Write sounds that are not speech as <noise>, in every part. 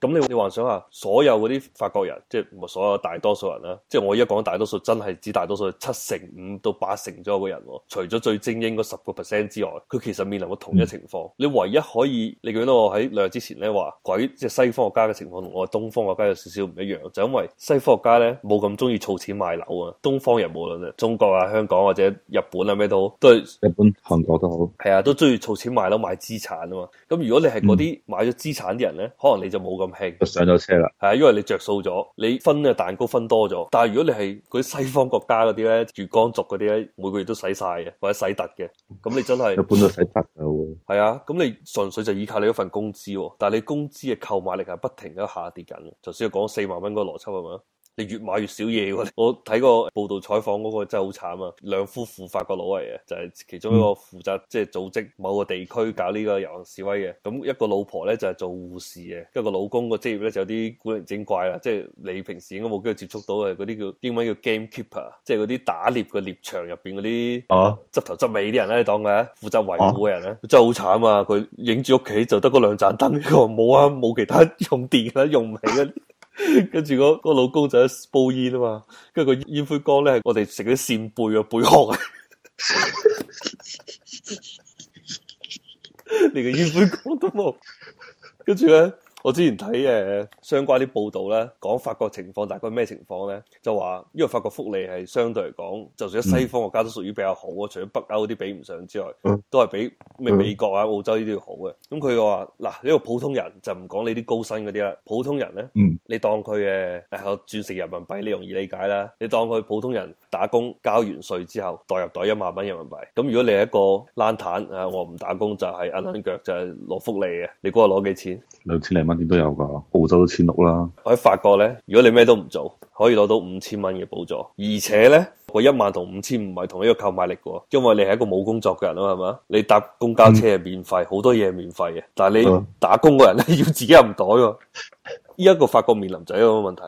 咁你你幻想下，所有嗰啲法國人，即係唔係所有大多數人啦？即係我而家講大多數真係指大多數七成五到八成左右嘅人，除咗最精英嗰十個 percent 之外，佢其實面臨過同一情況，嗯、你唯一可以，你記得我喺兩日之前咧話鬼即係西方學家嘅情況同我東方國家有少少唔一樣，就因為西方國家咧冇咁中意儲錢買樓啊。東方人無論啊中國啊香港啊或者日本啊咩都好，都係日本、韓國都好，係啊，都中意儲錢買樓買資產啊嘛。咁如果你係嗰啲買咗資產嘅人咧，嗯、可能你就冇咁。上咗車啦，係啊，因為你着數咗，你分嘅蛋糕分多咗。但係如果你係啲西方國家嗰啲咧，月光族嗰啲咧，每個月都使晒嘅，或者使突嘅，咁你真係一般都使得嘅喎。係啊，咁你純粹就依靠你一份工資，哦，但係你工資嘅購買力係不停咁下跌緊嘅。頭先我講四萬蚊嗰個邏輯係咪啊？你越買越少嘢喎！我睇個報道採訪嗰個真係好慘啊！兩夫婦法國佬嚟嘅，就係其中一個負責即係組織某個地區搞呢個遊行示威嘅。咁一個老婆咧就係做護士嘅，一個老公個職業咧就有啲古靈精怪啦，即係你平時應該冇機會接觸到嘅嗰啲叫英文叫 gamekeeper，即係嗰啲打獵嘅獵場入邊嗰啲執頭執尾啲人咧、啊啊，當佢負責維護嘅人咧、啊，啊、真係好慘啊！佢影住屋企就得嗰兩盞燈，佢話冇啊冇其他用電啊，用唔起嗰跟住嗰老公就喺煲煙啊嘛，跟住個煙灰缸咧係我哋食啲扇貝個貝殼啊，連個煙灰缸都冇，跟住咧。我之前睇誒、呃、相關啲報道咧，講法國情況大概咩情況咧？就話因為法國福利係相對嚟講，就算西方國家都屬於比較好喎。嗯、除咗北歐嗰啲比唔上之外，嗯、都係比咩美國啊、嗯、澳洲呢啲要好嘅。咁佢話：嗱、嗯，呢、呢個普通人就唔講你啲高薪嗰啲啦，普通人咧，嗯、你當佢誒轉成人民幣，你容易理解啦。你當佢普通人打工交完稅之後，袋入袋一萬蚊人民幣。咁如果你係一個懶蛋啊，我唔打工就係揞揞腳就係攞福利嘅，你估我攞幾錢？兩千零蚊。邊都有噶，澳洲都千六啦。我喺法國咧，如果你咩都唔做，可以攞到五千蚊嘅補助，而且咧，我一萬同五千唔係同一個購買力嘅，因為你係一個冇工作嘅人啦，係嘛？你搭公交車係免費，好、嗯、多嘢係免費嘅，但係你打工嘅人咧、嗯、 <laughs> 要自己入袋喎。依一個法國面臨就一個問題。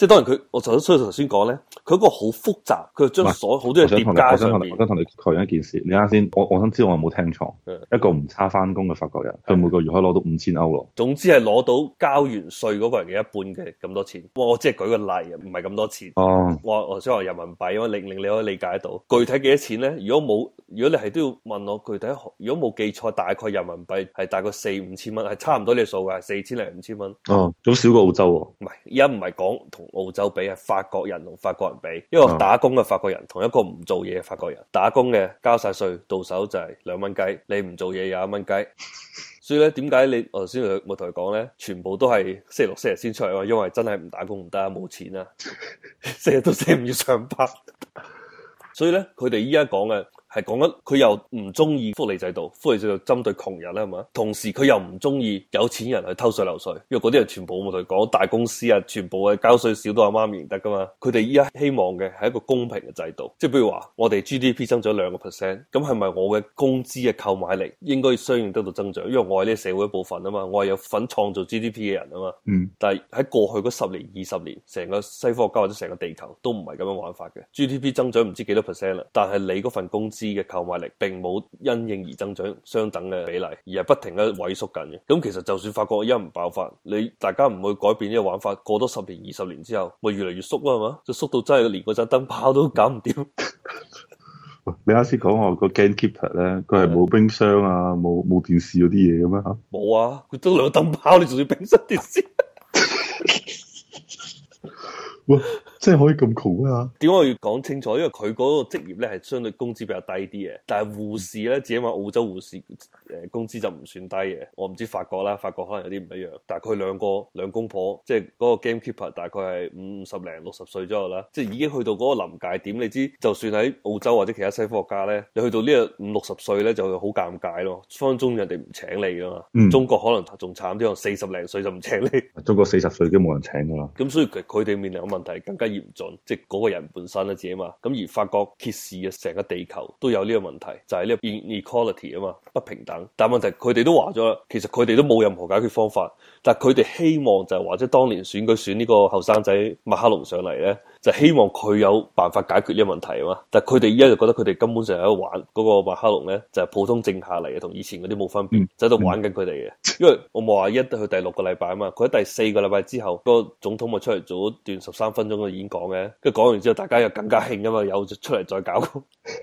即係當然佢，我就所以頭先講咧，佢嗰個好複雜，佢將所好多嘢疊加上面。我想同你，我想同你確認一件事。你啱先，我我想知道我有冇聽錯？的一個唔差翻工嘅法國人，佢的每個月可以攞到五千歐咯。總之係攞到交完稅嗰個人嘅一半嘅咁多錢。哇，我只係舉個例，唔係咁多錢。哦、啊。我我想話人民幣，因為令令你可以理解得到具體幾多錢咧？如果冇，如果你係都要問我具體，如果冇記錯，大概人民幣係大概四五千蚊，係差唔多你個數嘅，係四千零五千蚊。哦、啊。好少過澳洲喎。唔係，而家唔係講同。澳洲比啊，法國人同法國人比，一個打工嘅法國人同一個唔做嘢嘅法國人，打工嘅交晒稅到手就係兩蚊雞，你唔做嘢又一蚊雞。所以咧，點解你我頭先我同佢講咧，全部都係星期六星期日先出嚟，因為真係唔打工唔得啊，冇錢啊，四日都四唔要上班。所以咧，佢哋依家講嘅。係講緊佢又唔中意福利制度，福利制度針對窮人咧，係嘛？同時佢又唔中意有錢人去偷稅漏稅，因為嗰啲人全部我同佢講，大公司啊，全部嘅交稅少到阿媽認得噶嘛？佢哋依家希望嘅係一個公平嘅制度，即係譬如話我哋 GDP 增咗兩個 percent，咁係咪我嘅工資嘅購買力應該相應得到增長？因為我係呢社會一部分啊嘛，我係有份創造 GDP 嘅人啊嘛。嗯，但係喺過去嗰十年、二十年，成個西方國家或者成個地球都唔係咁樣玩法嘅。GDP 增長唔知幾多 percent 啦，但係你嗰份工資嘅購買力，並冇因應而增長相等嘅比例，而係不停嘅萎縮緊嘅。咁其實就算法國人唔爆發，你大家唔會改變呢個玩法。過多十年、二十年之後，咪越嚟越縮啊係嘛？就縮到真係連嗰盞燈泡都搞唔掂。 <laughs> <laughs> 你啱先講我個 game keeper 咧，佢係冇冰箱啊，冇冇電視嗰啲嘢嘅咩？吓，冇啊，佢得兩盞燈泡，你仲要冰箱電視？ <laughs> <laughs> 即係可以咁窮啊？點解我要講清楚，因為佢嗰個職業咧係相對工資比較低啲嘅。但係護士咧，自己話澳洲護士誒、呃、工資就唔算低嘅。我唔知法國啦，法國可能有啲唔一樣。但係佢兩個兩公婆、就是，即係嗰個 gamekeeper，大概係五十零六十歲左右啦，即係已經去到嗰個臨界點。你知就算喺澳洲或者其他西方國家咧，你去到個呢個五六十歲咧，就會好尷尬咯。分分鐘人哋唔請你噶嘛。中國可能仲慘啲，四十零歲就唔請你。嗯、中國四十歲已經冇人請噶啦。咁所以佢佢哋面臨嘅問題更加。嚴重，即係嗰個人本身啊，自己嘛咁而發覺，揭示嘅成個地球都有呢個問題，就係、是、呢個 inequality 啊嘛，不平等。但係問題佢哋都話咗啦，其實佢哋都冇任何解決方法，但係佢哋希望就係話，即係當年選舉選呢個後生仔馬克龍上嚟咧。就希望佢有辦法解決呢個問題啊嘛，但係佢哋依家就覺得佢哋根本上喺度玩嗰個馬克龍咧，就係普通靜下嚟嘅，同以前嗰啲冇分別，喺度玩緊佢哋嘅。因為我冇話一去第六個禮拜啊嘛，佢喺第四個禮拜之後，個總統咪出嚟做段十三分鐘嘅演講嘅，跟住講完之後，大家又更加興啊嘛，又出嚟再搞。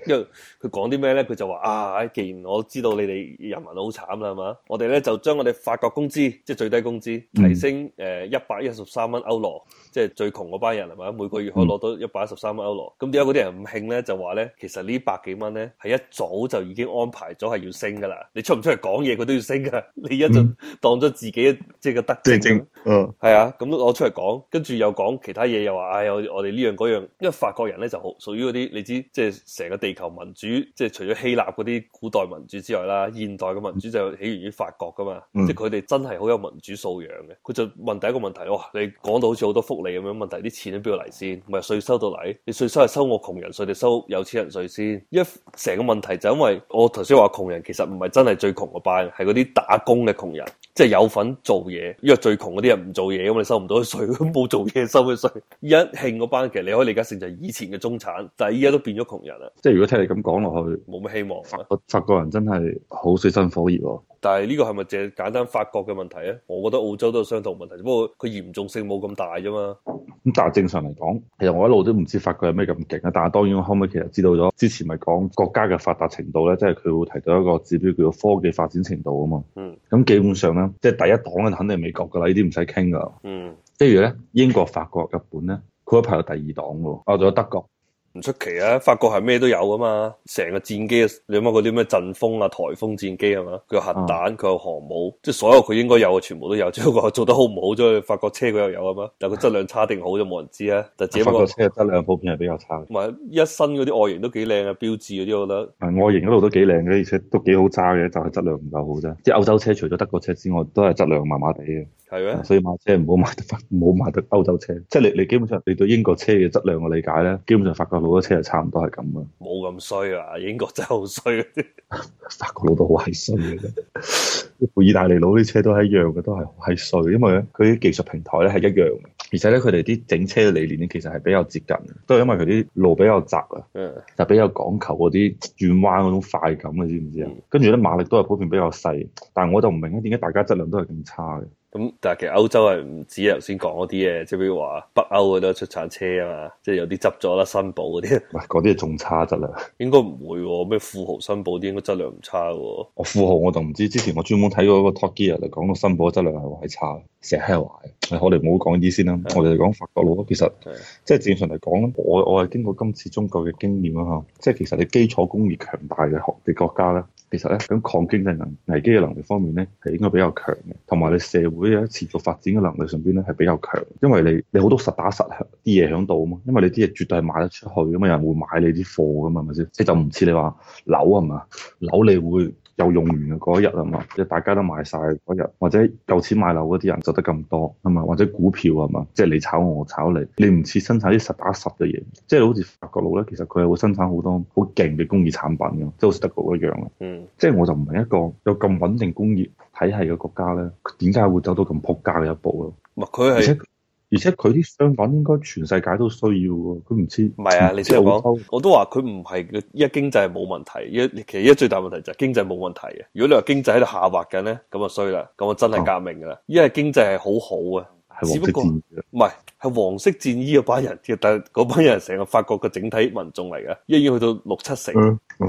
因為佢講啲咩咧？佢就話啊，既然我知道你哋人民都好慘啦，係嘛？我哋咧就將我哋法國工資，即係最低工資提升誒一百一十三蚊歐羅，即係最窮嗰班人係嘛每個月。可攞到一百一十三蚊歐羅，咁點解啲人唔興咧？就話咧，其實百呢百幾蚊咧係一早就已經安排咗係要升噶啦。你出唔出嚟講嘢，佢都要升啊！你一陣當咗自己即係、嗯、個德政正正，嗯，係啊，咁攞出嚟講，跟住又講其他嘢，又話唉，我哋呢樣嗰樣，因為法國人咧就好屬於嗰啲你知，即係成個地球民主，即、就、係、是、除咗希臘嗰啲古代民主之外啦，現代嘅民主就起源於法國噶嘛，嗯、即係佢哋真係好有民主素養嘅。佢就問第一個問題：哇，你講到好似好多福利咁樣，問題啲錢都邊度嚟先？唔係稅收到嚟，你稅收係收我窮人稅定收有錢人稅先？一成個問題就係因為我頭先話窮人其實唔係真係最窮個班，係嗰啲打工嘅窮人。即係有份做嘢，因為最窮嗰啲人唔做嘢，咁你收唔到稅，冇做嘢收嘅稅。 <laughs> 一慶嗰班其實你可以理解成就係以前嘅中產，但係依家都變咗窮人啦。即係如果聽你咁講落去，冇乜希望。我法國人真係好水深火熱喎、啊。但係呢個係咪淨係簡單法國嘅問題咧？我覺得澳洲都係相同問題，不過佢嚴重性冇咁大啫嘛。咁但係正常嚟講，其實我一路都唔知法國有咩咁勁啊。但係當然我後尾其實知道咗，之前咪講國家嘅發達程度咧，即係佢會提到一個指標叫做科技發展程度啊嘛。嗯。咁基本上咧。即係第一檔嘅，肯定美國噶啦，呢啲唔使傾噶。嗯，譬如咧，英國、法國、日本咧，佢一排有第二檔嘅喎。啊，仲有德國。唔出奇啊！法國係咩都有噶嘛，成個戰機，你諗下嗰啲咩陣風啊、颱風戰機係嘛，佢核彈，佢有航母，即係所有佢應該有嘅全部都有，只不過做得好唔好，所以法國車佢又有啊嘛，但係個質量差定好就冇人知啊。但係法國車質量普遍係比較差，同埋一身嗰啲外形都幾靚啊，標誌嗰啲我覺得外形嗰度都幾靚嘅，而且都幾好揸嘅，就係、是、質量唔夠好啫。即係歐洲車除咗德國車之外，都係質量麻麻地嘅。係啊嗎，所以買車唔好買德，唔好買德歐洲車。即、就、係、是、你你基本上你對英國車嘅質量嘅理解咧，基本上法國。老嗰車就差唔多係咁啊，冇咁衰啊！英國真係好衰， <laughs> 法國佬都好衰嘅。意 <laughs> 大利佬啲車都係一樣嘅，都係好係衰，因為咧佢啲技術平台咧係一樣，而且咧佢哋啲整車嘅理念咧其實係比較接近，都係因為佢啲路比較窄啊，就 Yeah. 比較講求嗰啲轉彎嗰種快感，你知唔知啊？嗯、跟住咧馬力都係普遍比較細，但係我就唔明咧，點解大家質量都係咁差嘅？咁但係其實歐洲係唔止頭先講嗰啲嘅，即係比如話北歐佢都出產車啊嘛，即係有啲執咗啦，紳寶嗰啲，唔嗰啲係仲差質量，應該唔會，咩富豪紳寶啲應該質量唔差。我富豪我就唔知，之前我專門睇過一個 Top Gear 嚟，講到紳寶質量係話係差，成日喺度話。我哋唔好講呢啲先啦，我哋嚟講法國佬，其實即係正常嚟講，我我係經過今次中國嘅經驗啊吓，即係其實你基礎工業強大嘅學嘅國家咧。其實咧，響抗經濟能、危機嘅能力方面咧，係應該比較強嘅，同埋你社會嘅持續發展嘅能力上邊咧，係比較強，因為你你好多實打實啲嘢喺度啊嘛，因為你啲嘢絕對係賣得出去啊嘛，人，人會買你啲貨啊嘛，係咪先？即就唔似你話樓啊嘛，樓你會。又用完嘅嗰一日啊嘛，即係大家都賣晒嗰日，或者有錢買樓嗰啲人就得咁多啊嘛，或者股票啊嘛，即係你炒我，我炒你，你唔似生產啲實打實嘅嘢，即係好似法國佬咧，其實佢係會生產好多好勁嘅工業產品嘅，即係好似德國一樣嘅。嗯，即係我就唔明一個有咁穩定工業體系嘅國家咧，點解會走到咁撲街嘅一步咯？唔係佢係。而且佢啲商品應該全世界都需要噶，佢唔知。唔係啊，你聽我講，洲我都話佢唔係嘅，而家經濟係冇問題。而其實而家最大問題就係經濟冇問題。如果你話經濟喺度下滑緊咧，咁啊衰啦，咁啊真係革命噶啦。而家好經濟係好好啊。只不過唔係，係黃色戰衣嗰班人，其實嗰班人成個法國嘅整體民眾嚟嘅，一去到六七成，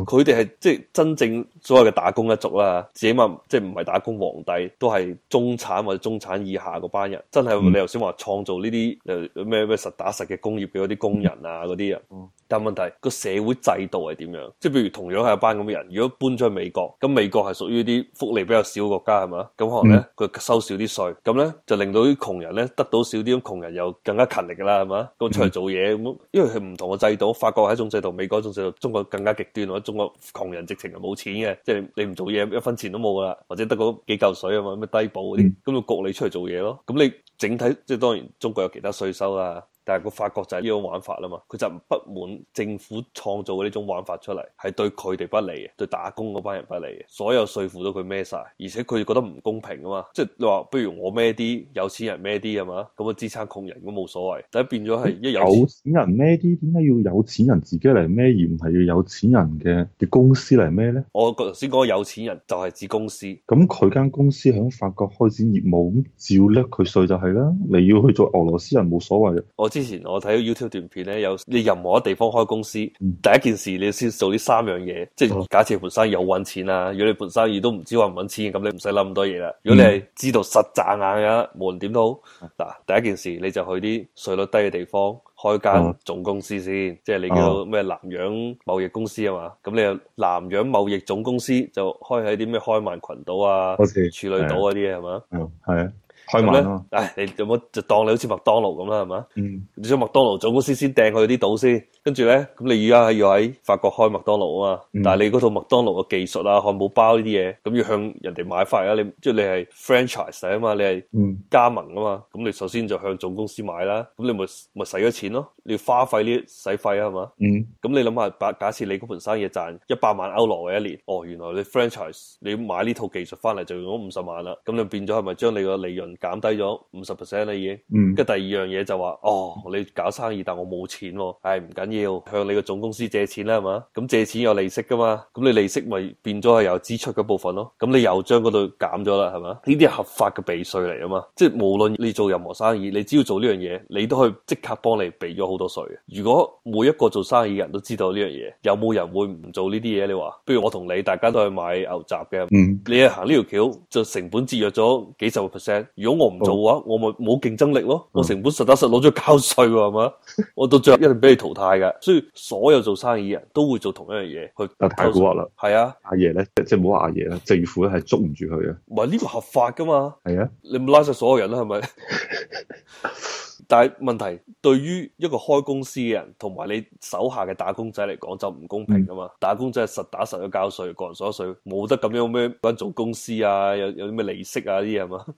佢哋係即係真正所謂嘅打工一族啦，起碼即係唔係打工皇帝，都係中產或者中產以下嗰班人，真係、嗯、你頭先話創造呢啲誒咩咩實打實嘅工業畀嗰啲工人啊嗰啲人。嗯但問題個社會制度係點樣？即係譬如同樣係一班咁嘅人，如果搬咗去美國，咁美國係屬於啲福利比較少嘅國家係嘛？咁可能咧佢收少啲稅，咁咧就令到啲窮人咧得到少啲，咁窮人又更加勤力㗎啦係嘛？咁出嚟做嘢咁，因為佢唔同嘅制度，法國係一種制度，美國一種制度，中國更加極端或者中國窮人直情係冇錢嘅，即係你唔做嘢一分錢都冇噶啦，或者得嗰幾嚿水啊嘛，咩低保嗰啲，咁就焗你出嚟做嘢咯。咁你整體即係當然中國有其他稅收啊。但係個法國就係呢種玩法啦嘛，佢就不滿政府創造嘅呢種玩法出嚟，係對佢哋不利嘅，對打工嗰班人不利嘅，所有稅負都佢孭晒，而且佢覺得唔公平啊嘛，即係你話不如我孭啲有錢人孭啲啊嘛，咁啊支撐窮人咁冇所謂，但係變咗係一有錢人孭啲，點解要有錢人自己嚟孭，而唔係要有錢人嘅嘅公司嚟孭咧？我頭先講個有錢人就係指公司，咁佢間公司響法國開展業務，咁照叻佢稅就係啦，你要去做俄羅斯人冇所謂。之前我睇到 YouTube 短片咧，有你任何一地方開公司，嗯、第一件事你先做啲三樣嘢，即係假設盤生意有揾錢啊。如果你盤生意都唔知揾唔揾錢，咁你唔使諗咁多嘢啦。如果你係知道實賺硬嘅，無論點都好。嗱，第一件事你就去啲稅率低嘅地方開間總公司先，哦、即係你叫做咩南洋貿易公司啊嘛。咁你南洋貿易總公司就開喺啲咩開曼群島啊，處女島嗰啲嘢係嘛？係啊的。咁咧，唉、嗯啊，你有冇就當你好似麥當勞咁啦，係嘛？嗯、你將麥當勞總公司先掟去啲島先，跟住咧，咁你而家係要喺法國開麥當勞啊嘛？嗯、但係你嗰套麥當勞嘅技術啊，漢堡包呢啲嘢，咁、嗯嗯、要向人哋買翻嚟，你即係你係 franchise 啊嘛，你係加盟啊嘛，咁、嗯、你首先就向總公司買啦，咁你咪咪使咗錢咯，你要花費呢使費啊，係嘛？咁、嗯、你諗下，假假設你嗰盤生意賺一百萬歐羅嘅一年，哦，原來你 franchise 你買呢套技術翻嚟就用咗五十萬啦，咁你變咗係咪將你個利潤減低咗五十 percent 啦已經，跟第二樣嘢就話：哦，你搞生意但我冇錢喎、哦，哎、係唔緊要，向你個總公司借錢啦，係嘛？咁、嗯、借錢有利息噶嘛？咁你利息咪變咗係有支出嗰部分咯，咁你又將嗰度減咗啦，係嘛？呢啲係合法嘅避稅嚟啊嘛，即係無論你做任何生意，你只要做呢樣嘢，你都可以即刻幫你避咗好多稅。如果每一個做生意嘅人都知道呢樣嘢，有冇人會唔做呢啲嘢？你話，譬如我同你大家都去買牛雜嘅，嗯、你係行呢條橋就成本節約咗幾十個 percent。如果我唔做嘅話，哦、我咪冇競爭力咯。嗯、我成本實打實攞咗交稅喎，係咪？我到最後一定俾你淘汰嘅。所以所有做生意人都會做同一樣嘢。去太古惑啦，係啊，阿爺咧，即係唔好話阿爺啦，政府咧係捉唔住佢啊！唔係呢個合法噶嘛？係啊，你唔拉晒所有人啦，係咪？ <laughs> 但係問題對於一個開公司嘅人同埋你手下嘅打工仔嚟講，就唔公平噶嘛？嗯、打工仔實打實去交稅，個人所得稅冇得咁樣咩搵做公司啊，有有啲咩利息啊啲嘢係嘛？是